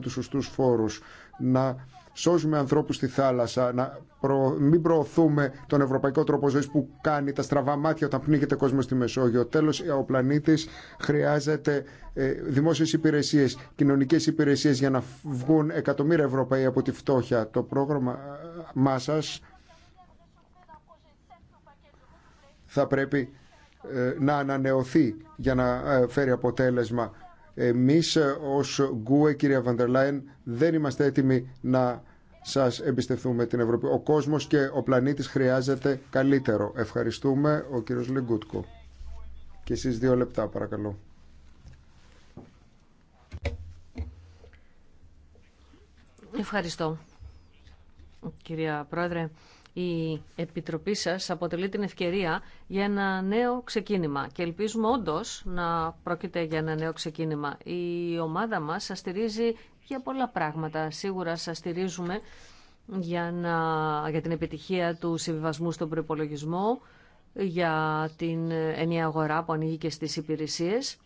τους σωστούς φόρους, να σώζουμε ανθρώπους στη θάλασσα, να προ... μην προωθούμε τον ευρωπαϊκό τρόπο ζωής που κάνει τα στραβά μάτια όταν πνίγεται κόσμο στη Μεσόγειο. Τέλος, ο πλανήτης χρειάζεται ε, δημόσιες υπηρεσίες, κοινωνικές υπηρεσίες για να βγουν εκατομμύρια Ευρωπαίοι από τη φτώχεια. Το πρόγραμμα ε, μάσας θα πρέπει ε, να ανανεωθεί για να φέρει αποτέλεσμα εμείς ως Γκουε, κυρία Βαντερλάιν, δεν είμαστε έτοιμοι να σας εμπιστευτούμε την Ευρώπη. Ο κόσμος και ο πλανήτης χρειάζεται καλύτερο. Ευχαριστούμε ο κύριος Λιγκούτκο. Και εσείς δύο λεπτά παρακαλώ. Ευχαριστώ. Κυρία Πρόεδρε, η Επιτροπή σας αποτελεί την ευκαιρία για ένα νέο ξεκίνημα και ελπίζουμε όντως να πρόκειται για ένα νέο ξεκίνημα. Η ομάδα μας σας στηρίζει για πολλά πράγματα. Σίγουρα σας στηρίζουμε για, να, για την επιτυχία του συμβιβασμού στον προπολογισμό, για την ενιαία αγορά που ανοίγει και στις υπηρεσίες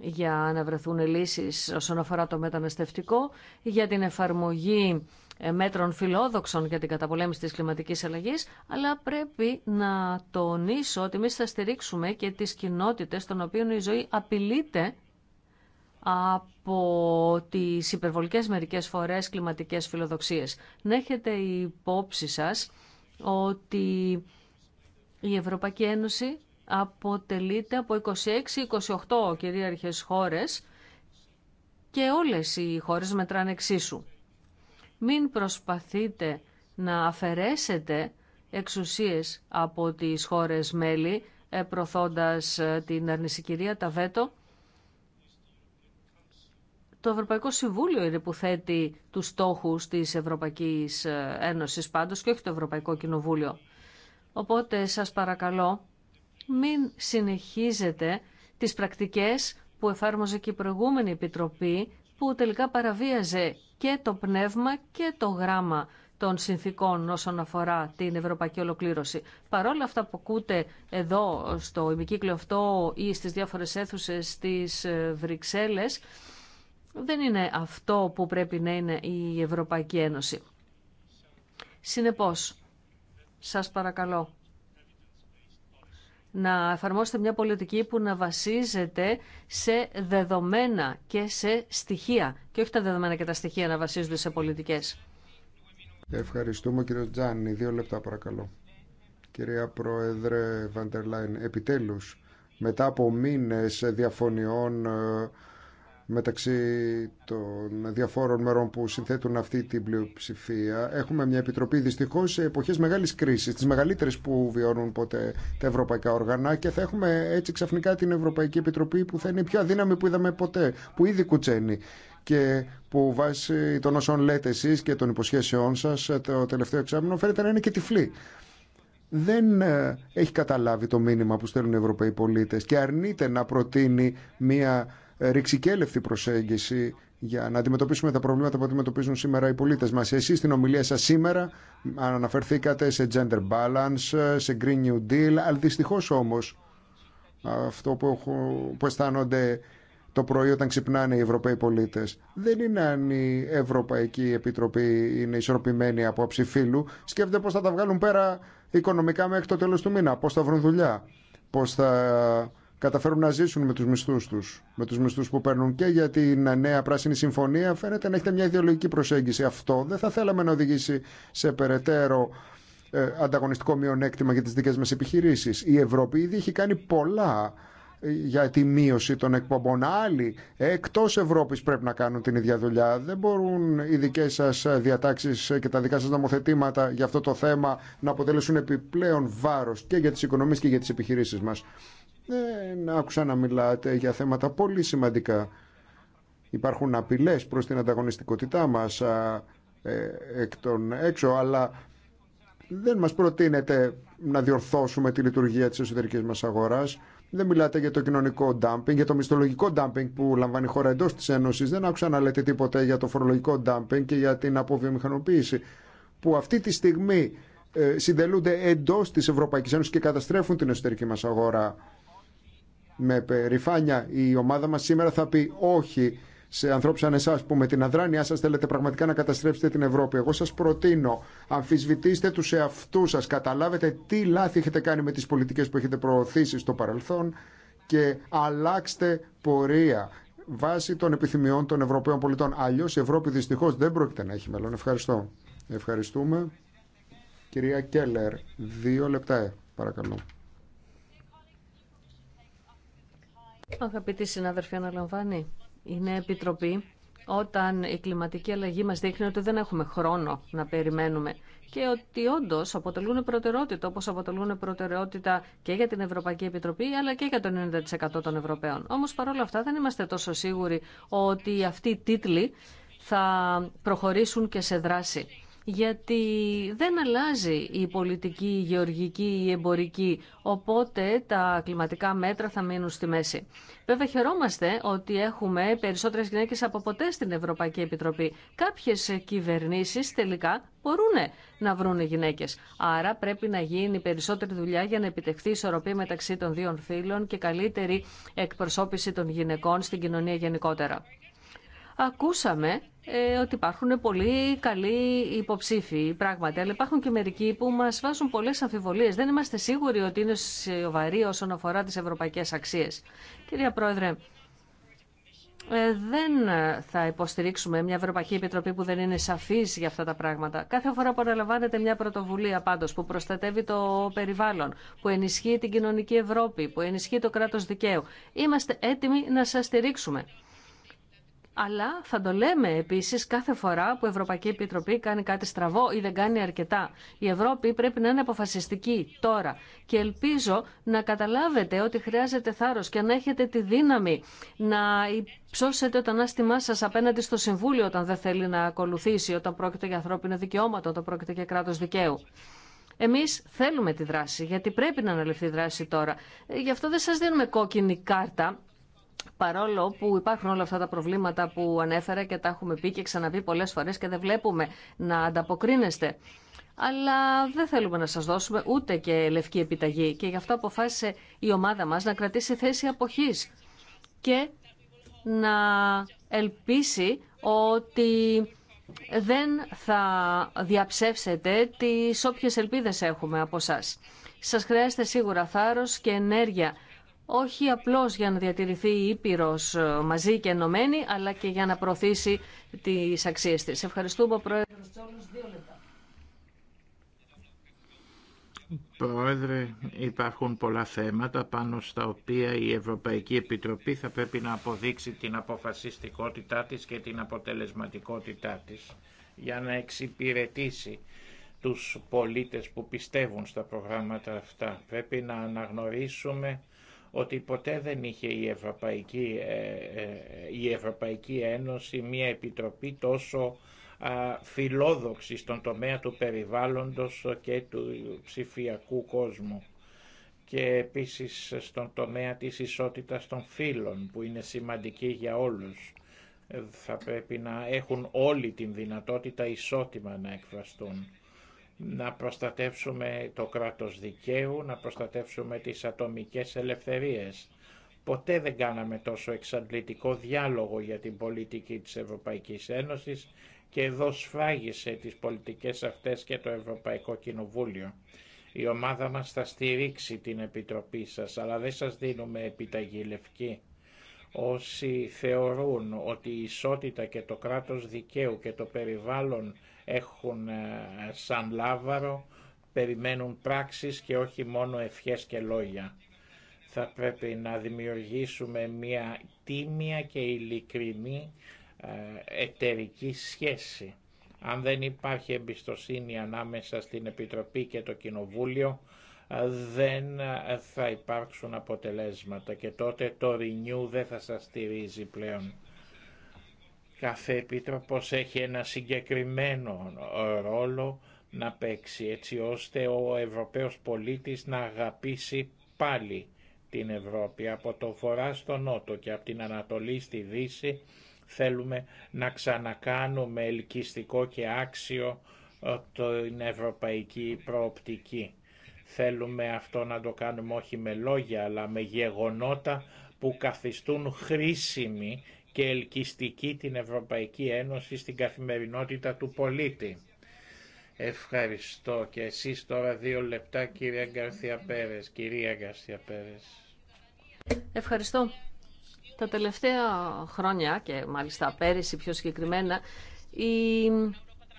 για να βρεθούν λύσεις όσον αφορά το μεταναστευτικό, για την εφαρμογή ε, μέτρων φιλόδοξων για την καταπολέμηση της κλιματικής αλλαγής, αλλά πρέπει να τονίσω ότι εμεί θα στηρίξουμε και τις κοινότητες των οποίων η ζωή απειλείται από τις υπερβολικές μερικές φορές κλιματικές φιλοδοξίες. Να έχετε υπόψη σας ότι η Ευρωπαϊκή Ένωση αποτελείται από 26-28 κυρίαρχες χώρες και όλες οι χώρες μετράνε εξίσου. Μην προσπαθείτε να αφαιρέσετε εξουσίες από τις χώρες μέλη, ε, προθώντας ε, την αρνησικυρία, τα βέτο. Το Ευρωπαϊκό Συμβούλιο είναι που θέτει τους στόχους της Ευρωπαϊκής ε, Ένωσης πάντως και όχι το Ευρωπαϊκό Κοινοβούλιο. Οπότε σας παρακαλώ μην συνεχίζετε τις πρακτικές που εφάρμοζε και η προηγούμενη Επιτροπή που τελικά παραβίαζε και το πνεύμα και το γράμμα των συνθήκων όσον αφορά την ευρωπαϊκή ολοκλήρωση. Παρόλα αυτά που ακούτε εδώ στο ημικύκλιο αυτό ή στις διάφορες αίθουσες της ε, Βρυξέλλες, δεν είναι αυτό που πρέπει να είναι η Ευρωπαϊκή Ένωση. Συνεπώς, σας παρακαλώ, να εφαρμόσετε μια πολιτική που να βασίζεται σε δεδομένα και σε στοιχεία και όχι τα δεδομένα και τα στοιχεία να βασίζονται σε πολιτικές. Ευχαριστούμε κύριο Τζάνι. Δύο λεπτά παρακαλώ. Κυρία Πρόεδρε Βαντερλάιν, επιτέλους μετά από μήνες διαφωνιών ε, μεταξύ των διαφόρων μερών που συνθέτουν αυτή την πλειοψηφία. Έχουμε μια επιτροπή δυστυχώ σε εποχέ μεγάλη κρίση, τι μεγαλύτερε που βιώνουν ποτέ τα ευρωπαϊκά όργανα και θα έχουμε έτσι ξαφνικά την Ευρωπαϊκή Επιτροπή που θα είναι η πιο αδύναμη που είδαμε ποτέ, που ήδη κουτσένει και που βάσει των όσων λέτε εσεί και των υποσχέσεών σα το τελευταίο εξάμεινο φαίνεται να είναι και τυφλή. Δεν ε, έχει καταλάβει το μήνυμα που στέλνουν οι Ευρωπαίοι πολίτε και αρνείται να προτείνει μια ε, ρηξικέλευτη προσέγγιση για να αντιμετωπίσουμε τα προβλήματα που αντιμετωπίζουν σήμερα οι πολίτες μας. Εσείς στην ομιλία σας σήμερα αναφερθήκατε σε gender balance, σε green new deal, αλλά δυστυχώς όμως αυτό που, που αισθάνονται το πρωί όταν ξυπνάνε οι Ευρωπαίοι πολίτες Δεν είναι αν η Ευρωπαϊκή Επιτροπή είναι ισορροπημένη από ψηφίλου. Σκέφτεται πώ θα τα βγάλουν πέρα οικονομικά μέχρι το τέλος του μήνα. Πώ θα βρουν δουλειά. Πώ θα καταφέρουν να ζήσουν με τους μισθούς τους, με τους μισθούς που παίρνουν και για την νέα πράσινη συμφωνία φαίνεται να έχετε μια ιδεολογική προσέγγιση. Αυτό δεν θα θέλαμε να οδηγήσει σε περαιτέρω ε, ανταγωνιστικό μειονέκτημα για τις δικές μας επιχειρήσεις. Η Ευρώπη ήδη έχει κάνει πολλά ε, για τη μείωση των εκπομπών. Άλλοι εκτό Ευρώπη πρέπει να κάνουν την ίδια δουλειά. Δεν μπορούν οι δικέ σα διατάξει και τα δικά σα νομοθετήματα για αυτό το θέμα να αποτελέσουν επιπλέον βάρο και για τι οικονομίε και για τι επιχειρήσει μα δεν άκουσα να μιλάτε για θέματα πολύ σημαντικά. Υπάρχουν απειλές προς την ανταγωνιστικότητά μας ε, εκ των έξω, αλλά δεν μας προτείνετε να διορθώσουμε τη λειτουργία της εσωτερικής μας αγοράς. Δεν μιλάτε για το κοινωνικό ντάμπινγκ, για το μισθολογικό ντάμπινγκ που λαμβάνει η χώρα εντός της Ένωσης. Δεν άκουσα να λέτε τίποτα για το φορολογικό ντάμπινγκ και για την αποβιομηχανοποίηση που αυτή τη στιγμή ε, συντελούνται εντός της Ευρωπαϊκής Ένωσης και καταστρέφουν την εσωτερική μας αγορά με περηφάνεια η ομάδα μας σήμερα θα πει όχι σε ανθρώπου σαν εσά που με την αδράνειά σα θέλετε πραγματικά να καταστρέψετε την Ευρώπη. Εγώ σα προτείνω, αμφισβητήστε του εαυτού σα, καταλάβετε τι λάθη έχετε κάνει με τι πολιτικέ που έχετε προωθήσει στο παρελθόν και αλλάξτε πορεία βάσει των επιθυμιών των Ευρωπαίων πολιτών. Αλλιώ η Ευρώπη δυστυχώ δεν πρόκειται να έχει μέλλον. Ευχαριστώ. Ευχαριστούμε. Κυρία Κέλλερ, δύο λεπτά, ε, παρακαλώ. Αγαπητοί συνάδελφοι, αναλαμβάνει. Είναι επιτροπή όταν η κλιματική αλλαγή μας δείχνει ότι δεν έχουμε χρόνο να περιμένουμε και ότι όντω αποτελούν προτεραιότητα, όπως αποτελούν προτεραιότητα και για την Ευρωπαϊκή Επιτροπή, αλλά και για το 90% των Ευρωπαίων. Όμως παρόλα αυτά δεν είμαστε τόσο σίγουροι ότι αυτοί οι τίτλοι θα προχωρήσουν και σε δράση γιατί δεν αλλάζει η πολιτική, η γεωργική, η εμπορική, οπότε τα κλιματικά μέτρα θα μείνουν στη μέση. Βέβαια χαιρόμαστε ότι έχουμε περισσότερες γυναίκες από ποτέ στην Ευρωπαϊκή Επιτροπή. Κάποιες κυβερνήσεις τελικά μπορούν να βρουν γυναίκες. Άρα πρέπει να γίνει περισσότερη δουλειά για να επιτευχθεί ισορροπή μεταξύ των δύο φίλων και καλύτερη εκπροσώπηση των γυναικών στην κοινωνία γενικότερα. Ακούσαμε ε, ότι υπάρχουν πολύ καλοί υποψήφοι, πράγματι, αλλά υπάρχουν και μερικοί που μα βάζουν πολλέ αμφιβολίε. Δεν είμαστε σίγουροι ότι είναι σοβαροί όσον αφορά τι ευρωπαϊκέ αξίε. Κυρία Πρόεδρε, ε, δεν θα υποστηρίξουμε μια Ευρωπαϊκή Επιτροπή που δεν είναι σαφή για αυτά τα πράγματα. Κάθε φορά που αναλαμβάνεται μια πρωτοβουλία πάντω που προστατεύει το περιβάλλον, που ενισχύει την κοινωνική Ευρώπη, που ενισχύει το κράτο δικαίου, είμαστε έτοιμοι να σα στηρίξουμε αλλά θα το λέμε επίση κάθε φορά που η Ευρωπαϊκή Επιτροπή κάνει κάτι στραβό ή δεν κάνει αρκετά. Η Ευρώπη πρέπει να είναι αποφασιστική τώρα και ελπίζω να καταλάβετε ότι χρειάζεται θάρρο και να έχετε τη δύναμη να υψώσετε το ανάστημά σα απέναντι στο Συμβούλιο όταν δεν θέλει να ακολουθήσει, όταν πρόκειται για ανθρώπινα δικαιώματα, όταν πρόκειται για κράτο δικαίου. Εμεί θέλουμε τη δράση, γιατί πρέπει να αναλυφθεί η δράση τώρα. Ε, γι' αυτό δεν σα δίνουμε κόκκινη κάρτα, παρόλο που υπάρχουν όλα αυτά τα προβλήματα που ανέφερα και τα έχουμε πει και ξαναπεί πολλές φορές και δεν βλέπουμε να ανταποκρίνεστε. Αλλά δεν θέλουμε να σας δώσουμε ούτε και λευκή επιταγή και γι' αυτό αποφάσισε η ομάδα μας να κρατήσει θέση αποχής και να ελπίσει ότι δεν θα διαψεύσετε τις όποιες ελπίδες έχουμε από σας. Σας χρειάζεται σίγουρα θάρρος και ενέργεια όχι απλώς για να διατηρηθεί η Ήπειρος ε, μαζί και ενωμένη, αλλά και για να προωθήσει τις αξίες της. Ευχαριστούμε, Πρόεδρε. Πρόεδρε, υπάρχουν πολλά θέματα πάνω στα οποία η Ευρωπαϊκή Επιτροπή θα πρέπει να αποδείξει την αποφασιστικότητά της και την αποτελεσματικότητά της για να εξυπηρετήσει τους πολίτες που πιστεύουν στα προγράμματα αυτά. Πρέπει να αναγνωρίσουμε ότι ποτέ δεν είχε η Ευρωπαϊκή, ε, ε, η Ευρωπαϊκή Ένωση μια επιτροπή τόσο φιλόδοξη στον τομέα του περιβάλλοντος και του ψηφιακού κόσμου και επίσης στον τομέα της ισότητας των φύλων που είναι σημαντική για όλους. Θα πρέπει να έχουν όλοι την δυνατότητα ισότιμα να εκφραστούν να προστατεύσουμε το κράτος δικαίου, να προστατεύσουμε τις ατομικές ελευθερίες. Ποτέ δεν κάναμε τόσο εξαντλητικό διάλογο για την πολιτική της Ευρωπαϊκής Ένωσης και εδώ σφράγισε τις πολιτικές αυτές και το Ευρωπαϊκό Κοινοβούλιο. Η ομάδα μας θα στηρίξει την Επιτροπή σας, αλλά δεν σας δίνουμε επιταγή λευκή. Όσοι θεωρούν ότι η ισότητα και το κράτος δικαίου και το περιβάλλον έχουν ε, σαν λάβαρο, περιμένουν πράξεις και όχι μόνο ευχές και λόγια. Θα πρέπει να δημιουργήσουμε μια τίμια και ειλικρινή ε, εταιρική σχέση. Αν δεν υπάρχει εμπιστοσύνη ανάμεσα στην Επιτροπή και το Κοινοβούλιο, ε, δεν θα υπάρξουν αποτελέσματα και τότε το Renew δεν θα σας στηρίζει πλέον. Κάθε επίτροπος έχει ένα συγκεκριμένο ε, ρόλο να παίξει έτσι ώστε ο Ευρωπαίος πολίτης να αγαπήσει πάλι την Ευρώπη. Από το βορρά στο νότο και από την Ανατολή στη Δύση θέλουμε να ξανακάνουμε ελκυστικό και άξιο ε, την ευρωπαϊκή προοπτική. Θέλουμε αυτό να το κάνουμε όχι με λόγια αλλά με γεγονότα που καθιστούν χρήσιμη και ελκυστική την Ευρωπαϊκή Ένωση στην καθημερινότητα του πολίτη. Ευχαριστώ και εσείς τώρα δύο λεπτά κυρία Γκαρθία Πέρες, κυρία Γκαρθία Πέρες. Ευχαριστώ. Τα τελευταία χρόνια και μάλιστα πέρυσι πιο συγκεκριμένα οι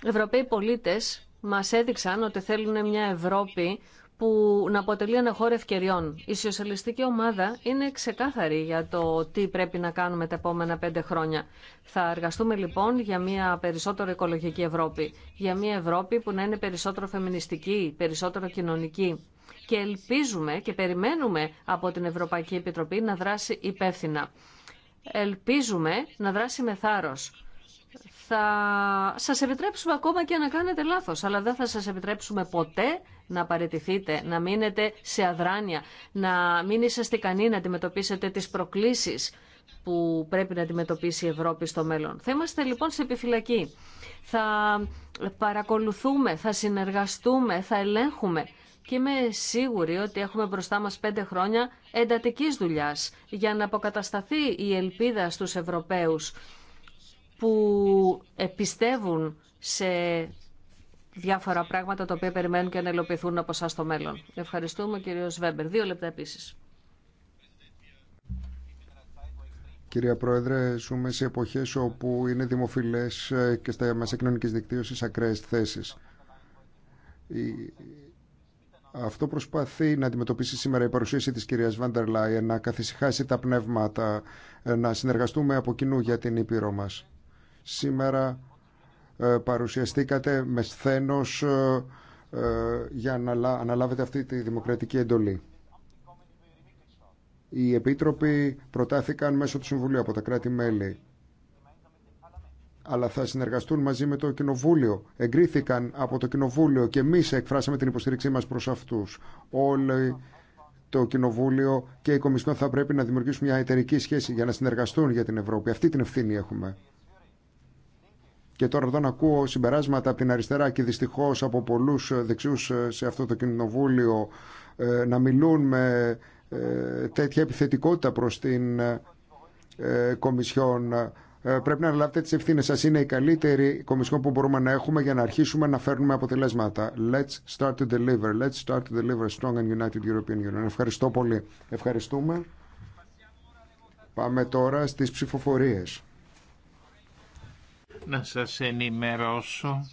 Ευρωπαίοι πολίτες μας έδειξαν ότι θέλουν μια Ευρώπη που να αποτελεί ένα χώρο ευκαιριών. Η σοσιαλιστική ομάδα είναι ξεκάθαρη για το τι πρέπει να κάνουμε τα επόμενα πέντε χρόνια. Θα εργαστούμε λοιπόν για μια περισσότερο οικολογική Ευρώπη. Για μια Ευρώπη που να είναι περισσότερο φεμινιστική, περισσότερο κοινωνική. Και ελπίζουμε και περιμένουμε από την Ευρωπαϊκή Επιτροπή να δράσει υπεύθυνα. Ελπίζουμε να δράσει με θάρρος θα σας επιτρέψουμε ακόμα και να κάνετε λάθος, αλλά δεν θα σας επιτρέψουμε ποτέ να παρετηθείτε, να μείνετε σε αδράνεια, να μην είσαστε ικανοί να αντιμετωπίσετε τις προκλήσεις που πρέπει να αντιμετωπίσει η Ευρώπη στο μέλλον. Θα είμαστε λοιπόν σε επιφυλακή. Θα παρακολουθούμε, θα συνεργαστούμε, θα ελέγχουμε και είμαι σίγουρη ότι έχουμε μπροστά μας πέντε χρόνια εντατικής δουλειάς για να αποκατασταθεί η ελπίδα στους Ευρωπαίους που πιστεύουν σε διάφορα πράγματα τα οποία περιμένουν και να ελοπιθούν από εσά στο μέλλον. Ευχαριστούμε, κύριο Σβέμπερ. Δύο λεπτά επίση. Κυρία Πρόεδρε, ζούμε σε εποχέ όπου είναι δημοφιλέ ε, και στα μέσα κοινωνική δικτύωση ακραίε θέσει. Αυτό προσπαθεί να αντιμετωπίσει σήμερα η παρουσίαση της κυρίας Βάντερ Λάιεν, να καθησυχάσει τα πνεύματα, ε, να συνεργαστούμε από κοινού για την Ήπειρο μας. Σήμερα ε, παρουσιαστήκατε με σθένος ε, ε, για να αναλάβετε αυτή τη δημοκρατική εντολή. Οι επίτροποι προτάθηκαν μέσω του Συμβουλίου από τα κράτη-μέλη αλλά θα συνεργαστούν μαζί με το Κοινοβούλιο. Εγκρίθηκαν από το Κοινοβούλιο και εμεί εκφράσαμε την υποστήριξή μα προ αυτού. Όλοι το Κοινοβούλιο και οι Κομισιόν θα πρέπει να δημιουργήσουν μια εταιρική σχέση για να συνεργαστούν για την Ευρώπη. Αυτή την ευθύνη έχουμε. Και τώρα εδώ ακούω συμπεράσματα από την αριστερά και δυστυχώς από πολλούς ε, δεξιούς ε, σε αυτό το κοινοβούλιο ε, να μιλούν με τέτοια επιθετικότητα προς την Κομισιόν. Πρέπει να αναλάβετε τις ευθύνες σας. Είναι η καλύτερη Κομισιόν που μπορούμε να έχουμε για να αρχίσουμε να φέρνουμε αποτελέσματα. Let's start to deliver. Let's start to deliver strong and united European Union. Ευχαριστώ πολύ. Ευχαριστούμε. Πάμε τώρα στις ψηφοφορίες να σας ενημερώσω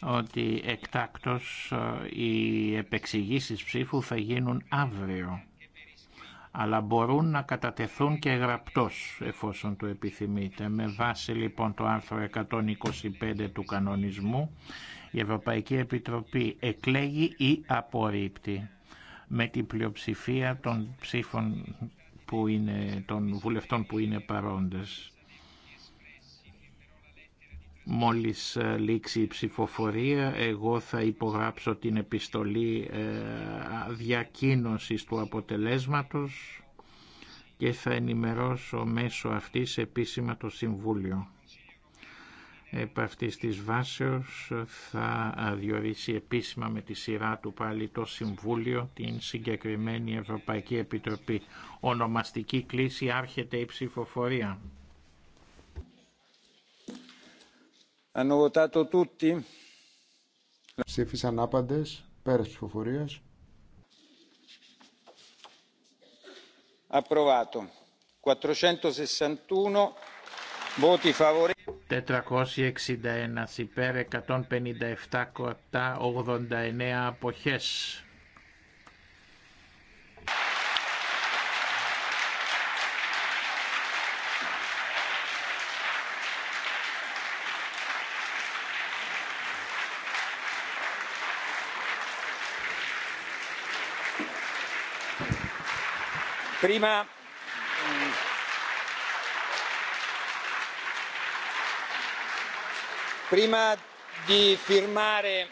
ότι εκτάκτως ε, οι επεξηγήσεις ψήφου θα γίνουν αύριο αλλά μπορούν να κατατεθούν και γραπτός εφόσον το επιθυμείτε. Με βάση λοιπόν το άρθρο 125 του κανονισμού η Ευρωπαϊκή Επιτροπή εκλέγει ή απορρίπτει με την πλειοψηφία των ψήφων που είναι, των βουλευτών που είναι παρόντες. Μόλις ε, λήξει η ψηφοφορία, εγώ θα υπογράψω την επιστολή ε, διακίνωσης του αποτελέσματος και θα ενημερώσω μέσω αυτής επίσημα το Συμβούλιο. Επ' αυτής της βάσεως θα ε, διορίσει επίσημα με τη σειρά του πάλι το Συμβούλιο την συγκεκριμένη Ευρωπαϊκή Επιτροπή. Ονομαστική κλίση άρχεται η ψηφοφορία. Hanno votato tutti? Ψήφισαν άπαντες, τη ψηφοφορίας. Approvato. 461 voti favorevoli. 461 υπέρ, 157 κοτά, 89 αποχές. prima di firmare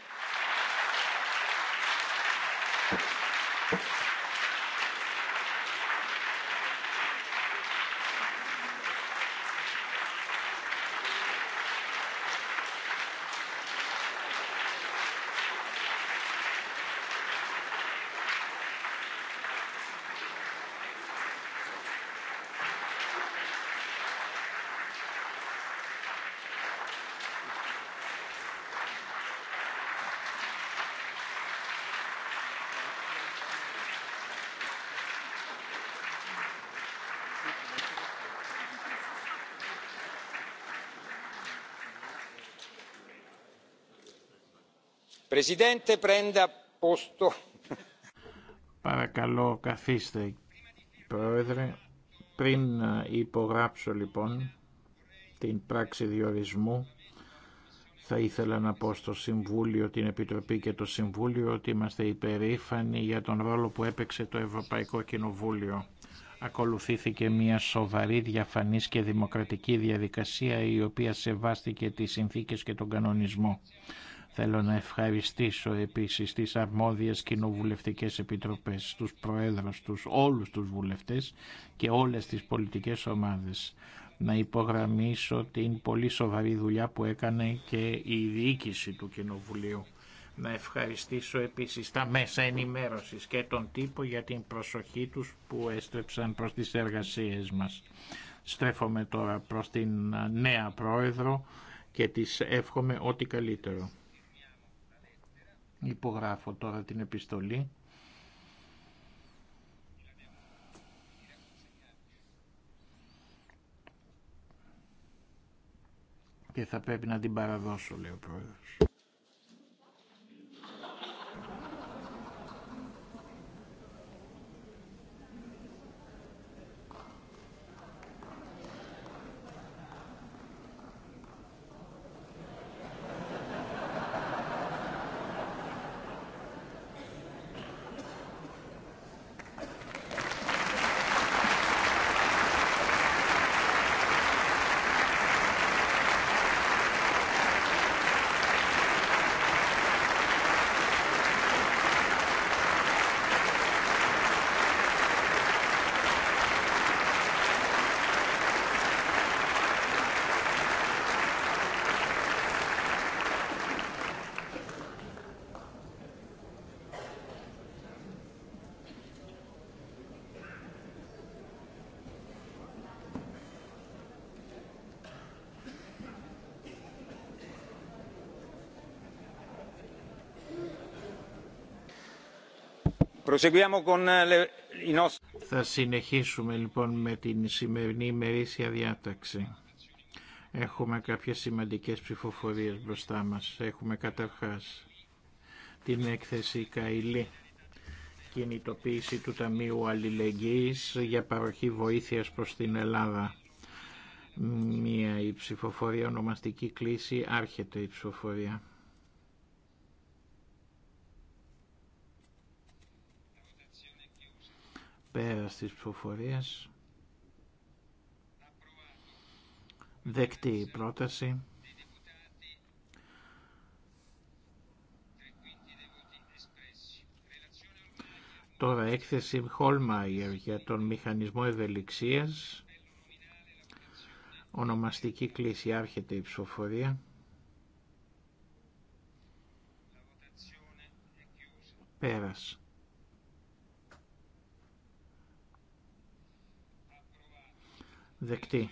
Παρακαλώ καθίστε πρόεδρε. Πριν ε, υπογράψω λοιπόν την πράξη διορισμού θα ήθελα να πω στο Συμβούλιο, την Επιτροπή και το Συμβούλιο ότι είμαστε υπερήφανοι για τον ρόλο που έπαιξε το Ευρωπαϊκό Κοινοβούλιο. Ακολουθήθηκε μια σοβαρή, διαφανής και δημοκρατική διαδικασία η οποία σεβάστηκε τις συνθήκες και τον κανονισμό. Θέλω να ευχαριστήσω επίσης τις αρμόδιες κοινοβουλευτικές επιτροπές, τους προέδρους τους, όλους τους βουλευτές και όλες τις πολιτικές ομάδες. Να υπογραμμίσω την πολύ σοβαρή δουλειά που έκανε και η διοίκηση του Κοινοβουλίου. Να ευχαριστήσω επίσης τα μέσα ενημέρωσης και τον τύπο για την προσοχή τους που έστρεψαν προς τις εργασίες μας. Στρέφομαι τώρα προς την νέα πρόεδρο και της εύχομαι ό,τι καλύτερο. Υπογράφω τώρα την επιστολή. Και θα πρέπει να την παραδώσω, λέει ο Πρόεδρος. Eh, Θα συνεχίσουμε λοιπόν με την σημερινή ημερήσια διάταξη. Έχουμε κάποιες σημαντικές ψηφοφορίες μπροστά μας. Έχουμε καταρχάς την έκθεση Καϊλή, κινητοποίηση του Ταμείου Αλληλεγγύης για παροχή βοήθειας προς την Ελλάδα. Μία η ψηφοφορία ονομαστική κλίση άρχεται η ψηφοφορία. Τη της ψηφοφορίας. Δεκτή η πρόταση. Τώρα έκθεση Χόλμαϊερ για τον μηχανισμό ευελιξίας. Ονομαστική κλίση άρχεται η ψηφοφορία. Πέρας. Δεκτή.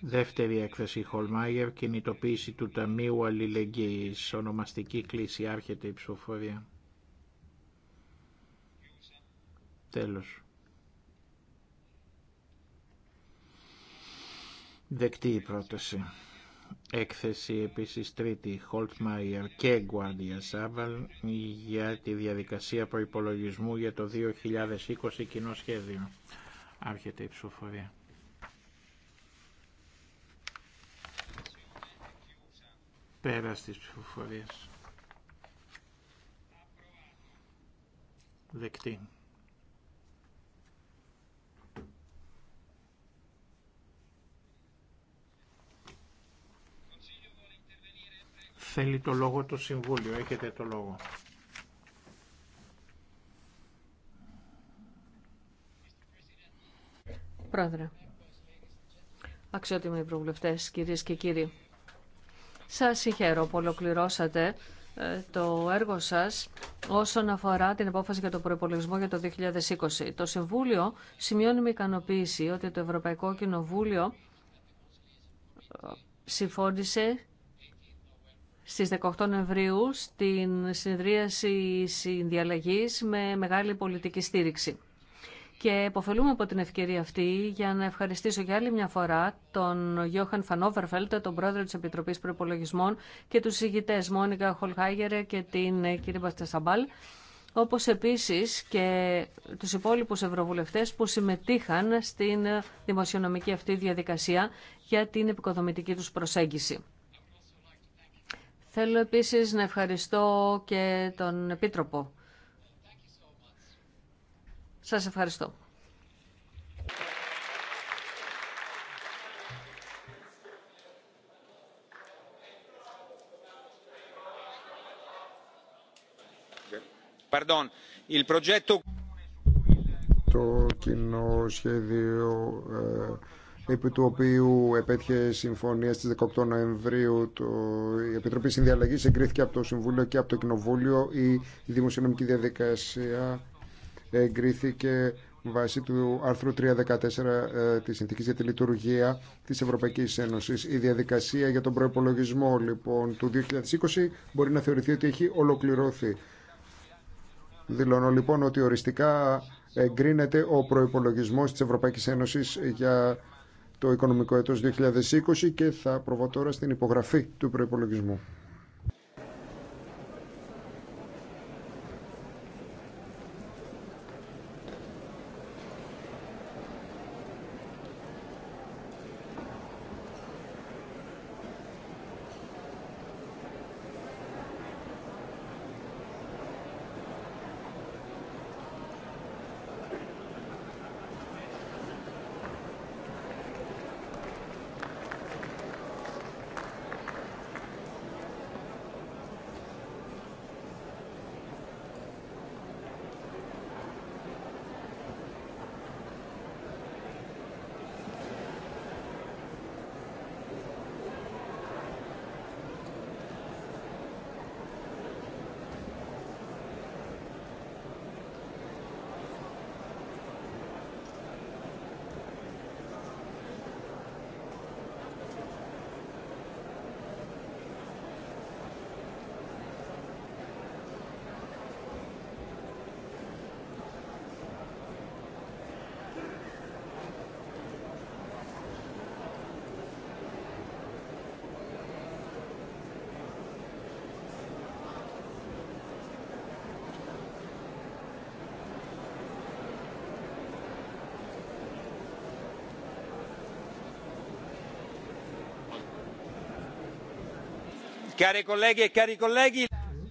Δεύτερη έκθεση Χολμάγερ, κινητοποίηση του Ταμείου Αλληλεγγύης, ονομαστική κλίση, άρχεται η ψηφοφορία. Τέλος. Δεκτή η πρόταση. Έκθεση επίσης τρίτη Χολτμάιερ και Γκουάντια Σάβαλ για τη διαδικασία προϋπολογισμού για το 2020 κοινό σχέδιο. Άρχεται η ψηφοφορία. Πέρα της ψηφοφορίας. Δεκτή. Θέλει το λόγο το Συμβούλιο. Έχετε το λόγο. Πρόεδρε, αξιότιμοι προβλεφτές, κυρίες και κύριοι, σας συγχαίρω που ολοκληρώσατε ε, το έργο σας όσον αφορά την απόφαση για το προπολογισμό για το 2020. Το Συμβούλιο σημειώνει με ικανοποίηση ότι το Ευρωπαϊκό Κοινοβούλιο ε, συμφώνησε στις 18 Νοεμβρίου στην συνδρίαση συνδιαλλαγής με μεγάλη πολιτική στήριξη. Και υποφελούμε από την ευκαιρία αυτή για να ευχαριστήσω για άλλη μια φορά τον Γιώχαν Φανόβερφελτ, τον πρόεδρο τη Επιτροπή Προπολογισμών και του ηγητέ Μόνικα Χολχάγερε και την ε, κυρία Μπαστασαμπάλ, όπω επίση και του υπόλοιπου ευρωβουλευτέ που συμμετείχαν στην δημοσιονομική αυτή διαδικασία για την επικοδομητική του προσέγγιση. Θέλω επίσης να ευχαριστώ και τον Επίτροπο σας ευχαριστώ. Το κοινό σχέδιο ε, επί του οποίου επέτυχε συμφωνία στις 18 Νοεμβρίου το, η Επιτροπή Συνδιαλλαγής εγκρίθηκε από το Συμβούλιο και από το Κοινοβούλιο η δημοσιονομική διαδικασία εγκρίθηκε βάσει του άρθρου 314 ε, της Συνθήκης για τη Λειτουργία της Ευρωπαϊκής Ένωσης. Η διαδικασία για τον προϋπολογισμό λοιπόν του 2020 μπορεί να θεωρηθεί ότι έχει ολοκληρωθεί. Δηλώνω λοιπόν ότι οριστικά εγκρίνεται ο προϋπολογισμός της Ευρωπαϊκής Ένωσης για το οικονομικό έτος 2020 και θα προβώ τώρα στην υπογραφή του προϋπολογισμού.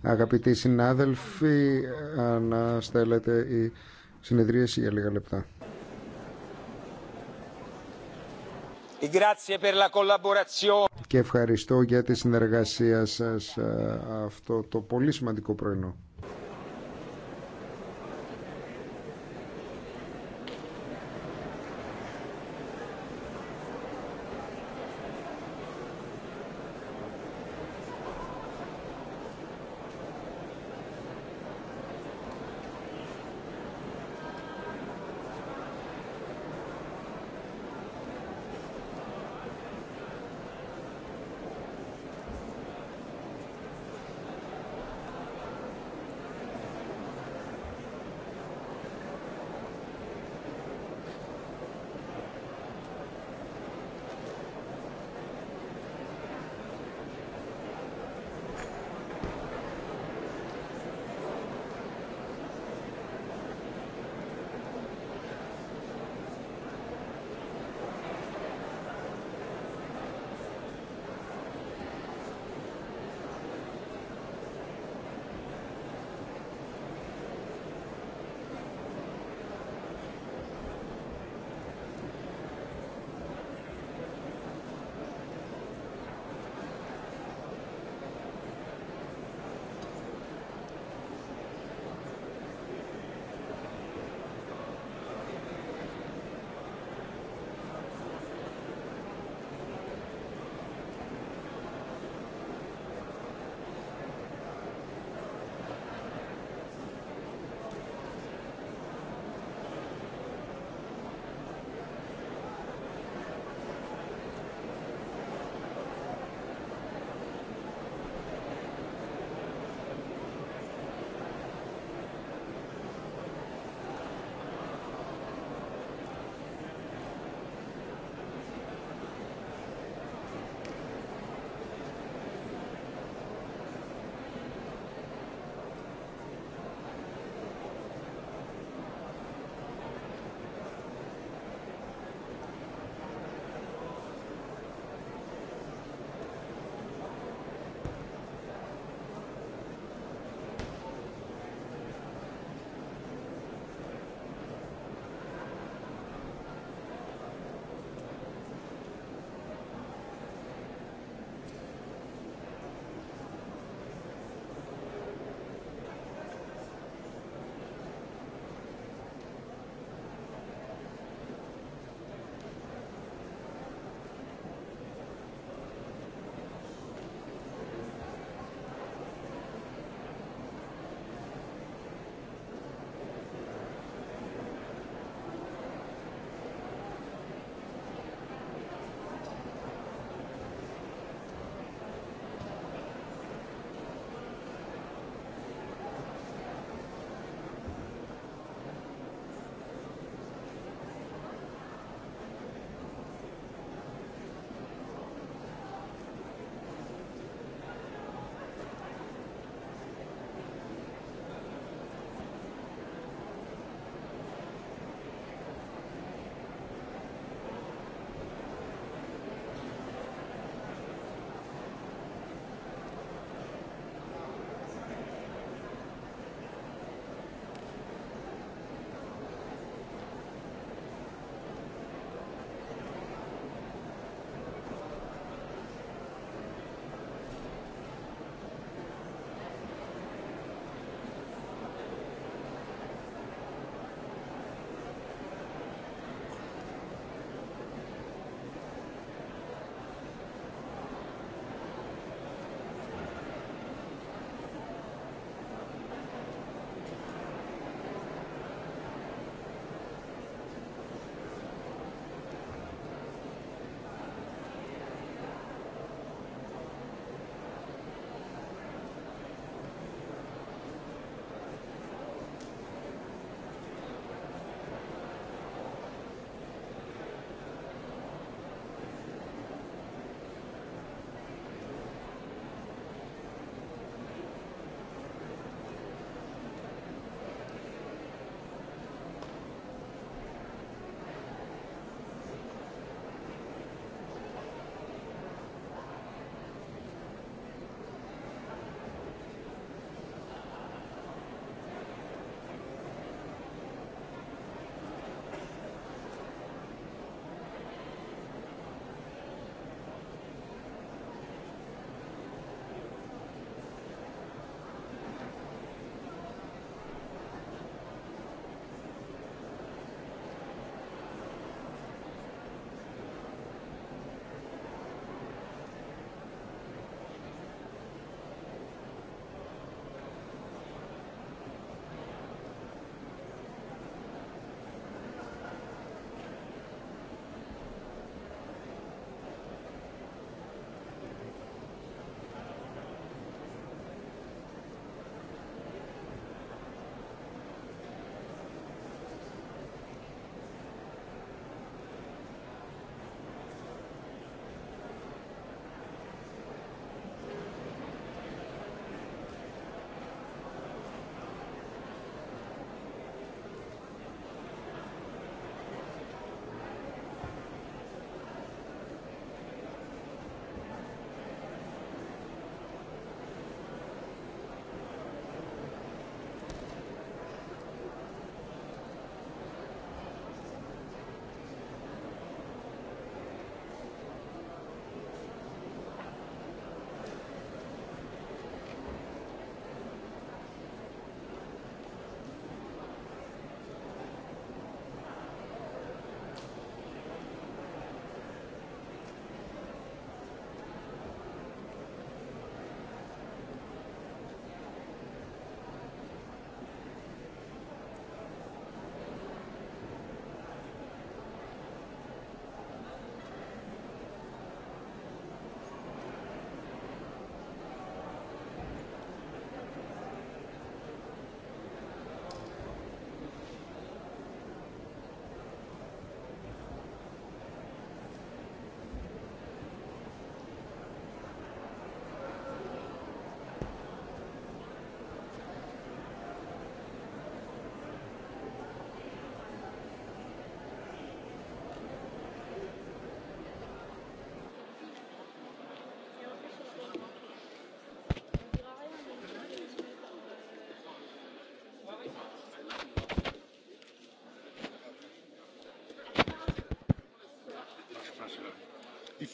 Αγαπητοί συνάδελφοι, να στέλνετε η συνεδρίαση για λίγα λεπτά. Και ευχαριστώ για τη συνεργασία σας ε, αυτό το πολύ σημαντικό πρωινό.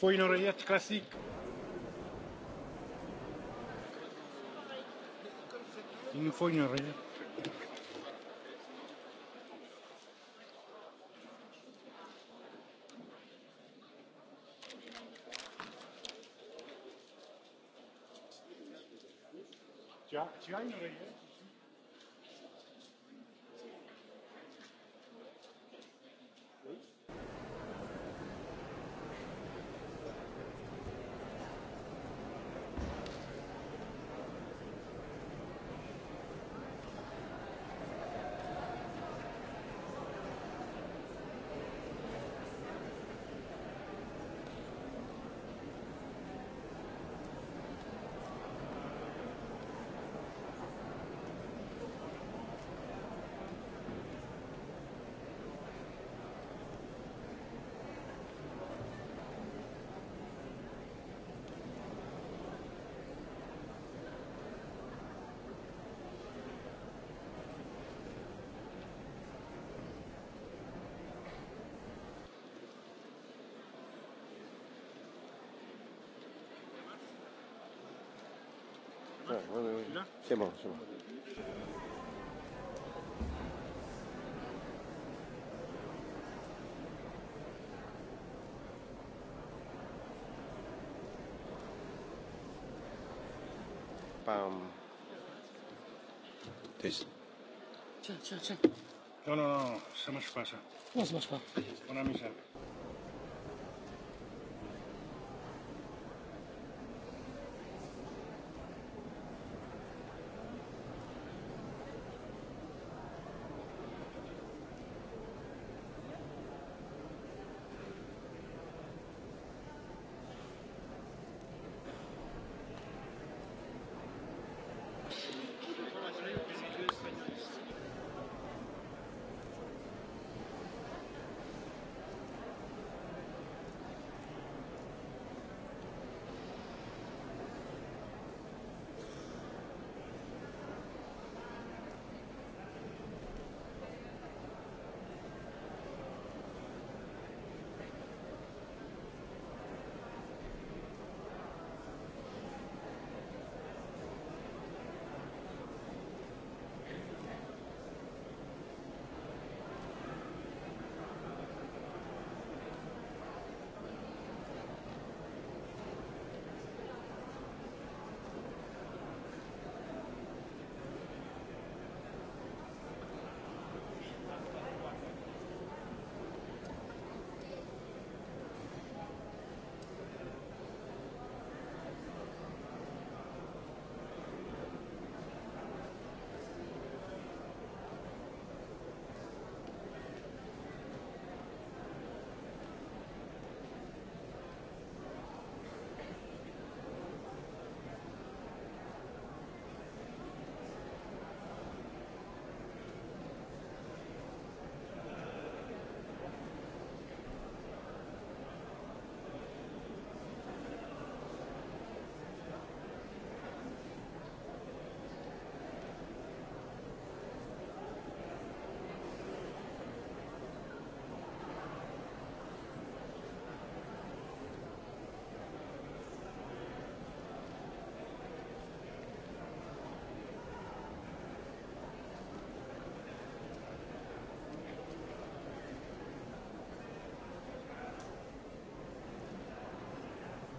Foi une oreillette classique. Il nous faut une oreillette. Tu as, tu as une oreillette oui, no C'est bon, c'est bon. Pam. Tiens, tiens, Non, non, non, ça marche pas, On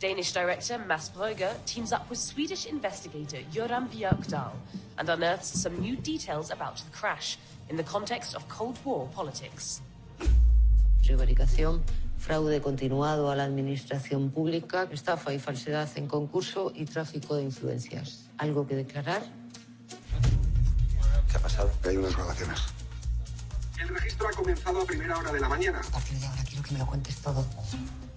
Danish director Mass Breuger teams up with Swedish investigator Joran Björkdahl and unearths some new details about the crash in the context of Cold War politics. Prevaricación, fraude continuado a la administración pública, estafa y falsedad en concurso y tráfico de influencias. ¿Algo que declarar? ¿Qué ha pasado? Hay unas grabaciones. El registro ha comenzado a primera hora de la mañana. A partir de ahora quiero que me lo cuentes todo.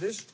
This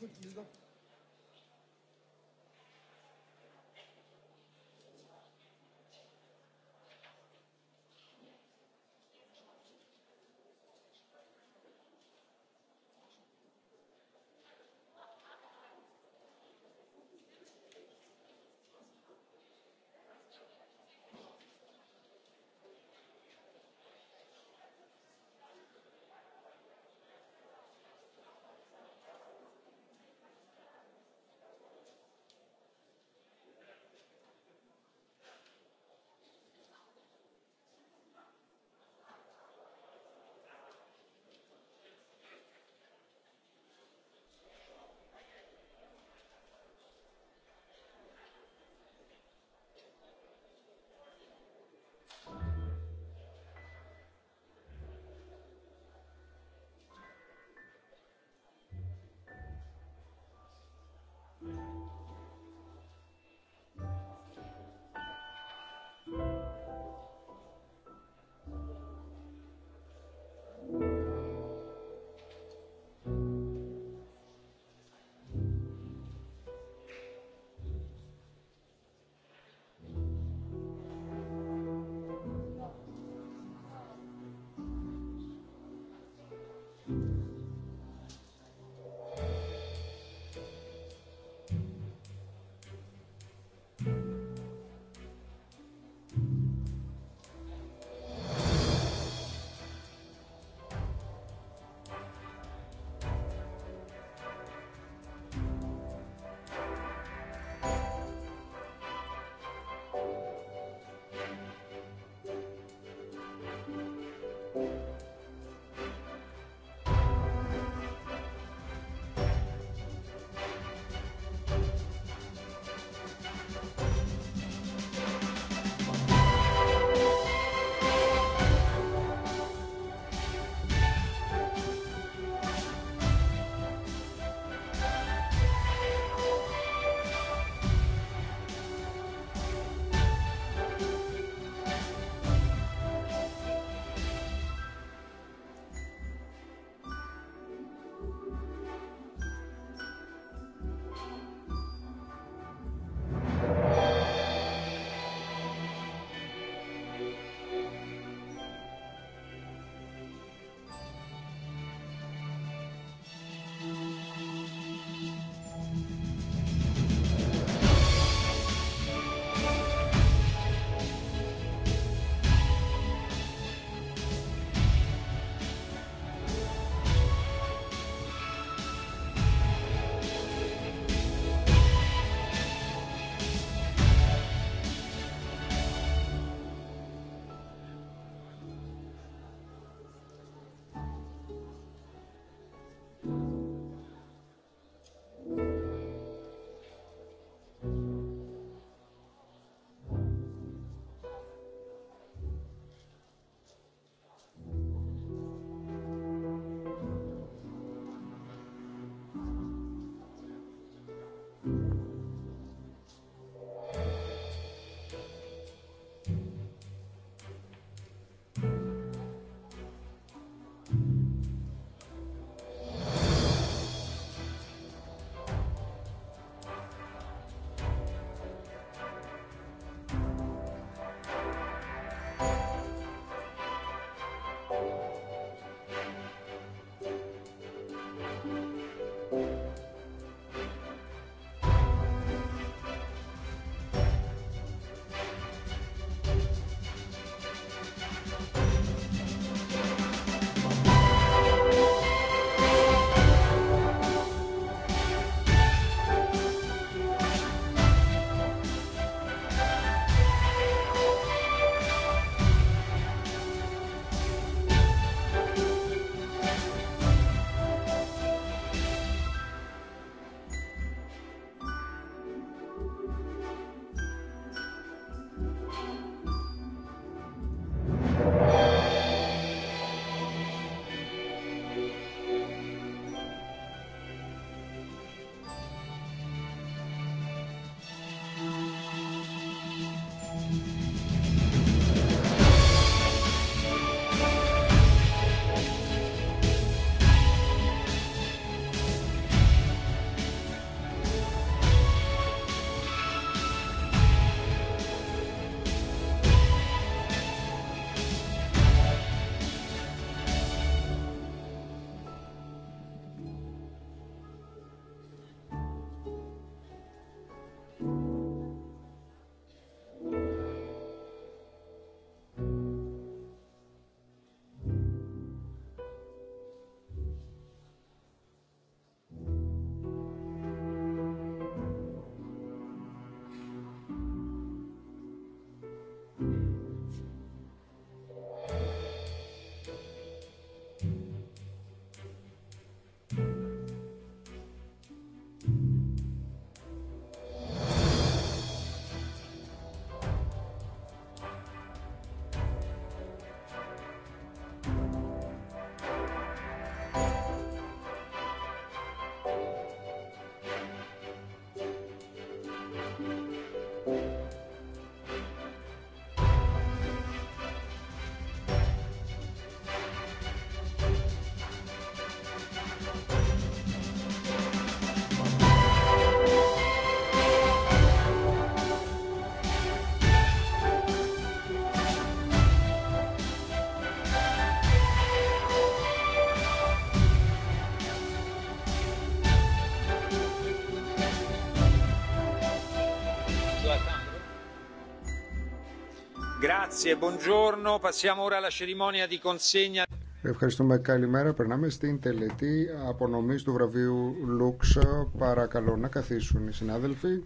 Ευχαριστούμε. Καλημέρα. Περνάμε στην τελετή απονομής του βραβείου Λούξ. Παρακαλώ να καθίσουν οι συνάδελφοι.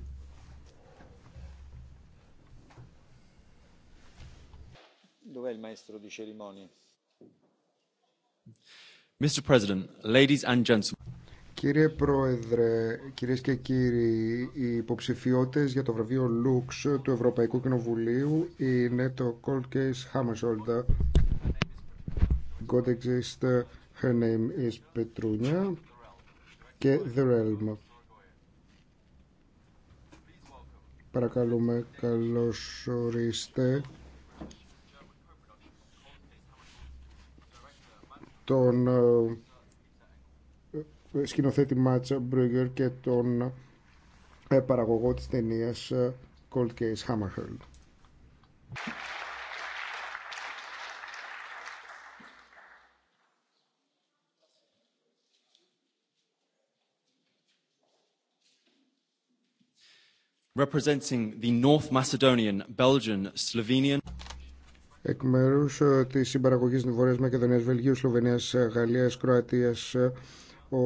Mr. President, ladies and gentlemen. Κύριε Πρόεδρε, κυρίες και κύριοι, οι υποψηφιώτες για το βραβείο Λουξ του Ευρωπαϊκού Κοινοβουλίου είναι το Cold Case Hammersholt. God exists, her name is Petrunia και The Realm. Παρακαλούμε, καλώς ορίστε. Τον ε, σκηνοθέτη Μάτσα Μπρούγκερ και τον ε, παραγωγό της ταινίας ε, Cold Case Hammerheld. Representing the North Macedonian, Belgian, Slovenian εκ μέρου ε, τη συμπαραγωγή Βόρεια Μακεδονία, Βελγίου, Σλοβενία, Γαλλία, Κροατία, ο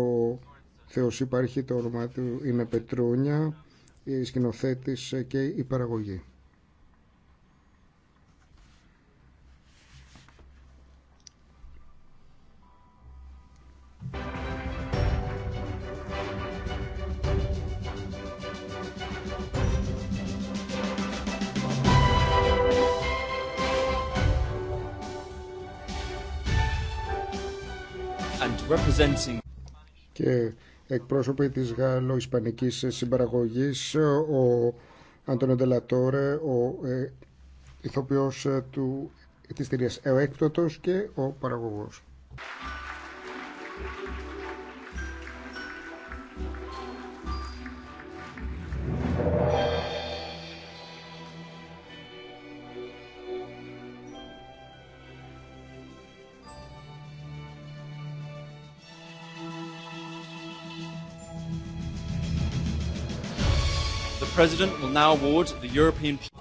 Θεός υπάρχει, το όνομά του είναι Πετρούνια, η σκηνοθέτης και η παραγωγή. representing και εκπρόσωποι της γαλλο-ισπανικής συμπαραγωγής, ο Αντώνιο Ντελατόρε, ο ε, ηθοποιός ε, του, της ταινίας ε, «Ο και ο παραγωγός.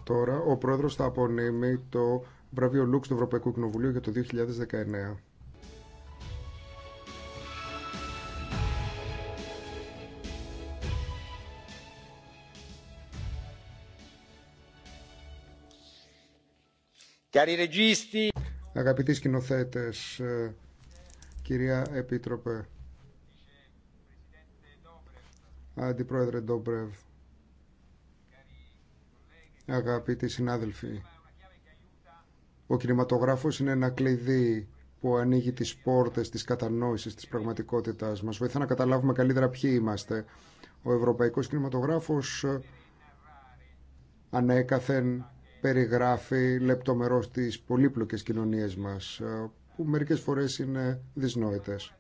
Τώρα ο πρόεδρος θα απονείμει το βραβείο Λουξ του Ευρωπαϊκού Κοινοβουλίου για το 2019. Αγαπητοί σκηνοθέτε, ε, κυρία Επίτροπε, Αντιπρόεδρε Ντόμπρεβ, αγαπητοί συνάδελφοι. Ο κινηματογράφος είναι ένα κλειδί που ανοίγει τις πόρτες της κατανόησης της πραγματικότητας μας. Βοηθά να καταλάβουμε καλύτερα ποιοι είμαστε. Ο ευρωπαϊκός κινηματογράφος ανέκαθεν περιγράφει λεπτομερώς τις πολύπλοκες κοινωνίες μας, που μερικές φορές είναι δυσνόητες.